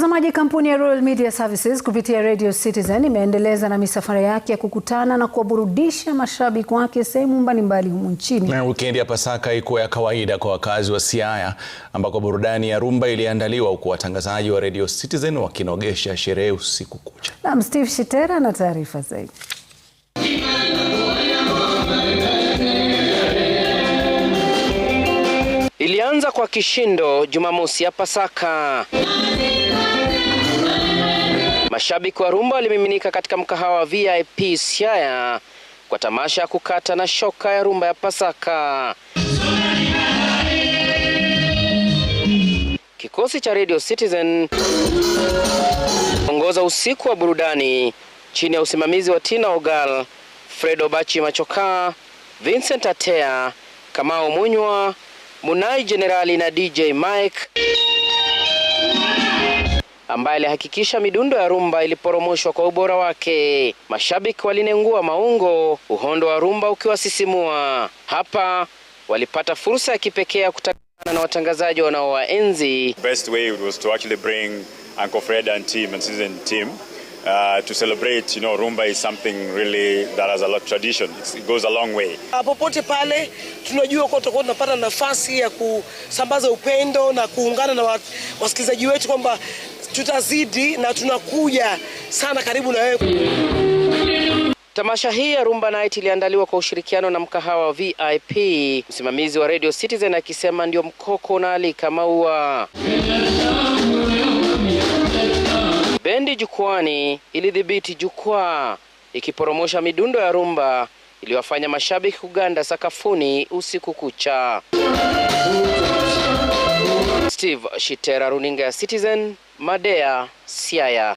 Mtazamaji, kampuni ya Royal Media Services kupitia Radio Citizen imeendeleza na misafara yake ya kukutana na kuwaburudisha mashabiki wake sehemu mbalimbali humu nchini. Na wikendi ya Pasaka iko ya kawaida kwa wakazi wa Siaya ambako burudani ya rumba iliandaliwa huku watangazaji wa Radio Citizen wakinogesha sherehe usiku kucha. Na Steve Shitera na taarifa zaidi. Ilianza kwa kishindo Jumamosi ya Pasaka. Mashabiki wa rumba walimiminika katika mkahawa wa VIP Siaya kwa tamasha ya kukata na shoka ya rumba ya Pasaka. Kikosi cha Radio Citizen ongoza usiku wa burudani chini ya usimamizi wa Tina Ogal, Fredo Bachi Machoka, Vincent Atea, Kamao Munywa, Munai Generali na DJ Mike ambaye alihakikisha midundo ya rumba iliporomoshwa kwa ubora wake. Mashabiki walinengua maungo, uhondo wa rumba ukiwasisimua. Hapa walipata fursa ya kipekee ya kutakana na watangazaji wanaowaenzi. Best way was to actually bring Uncle Fred and team and season team Uh, to celebrate, you know, rumba is something really that has a lot of tradition. It's, It goes a long way. Ah, popote pale tunajua kwa tutakuwa tunapata nafasi ya kusambaza upendo na kuungana na wasikilizaji wetu kwamba tutazidi na tunakuja sana karibu na wewe. Tamasha hii ya Rumba Night iliandaliwa kwa ushirikiano na mkahawa wa VIP, msimamizi wa Radio Citizen akisema ndio mkoko unaalika maua. Bendi Jukwani ilidhibiti jukwaa ikiporomosha midundo ya rumba iliyowafanya mashabiki kuganda sakafuni usiku kucha. Steve Shitera, runinga ya Citizen. Madea Siaya.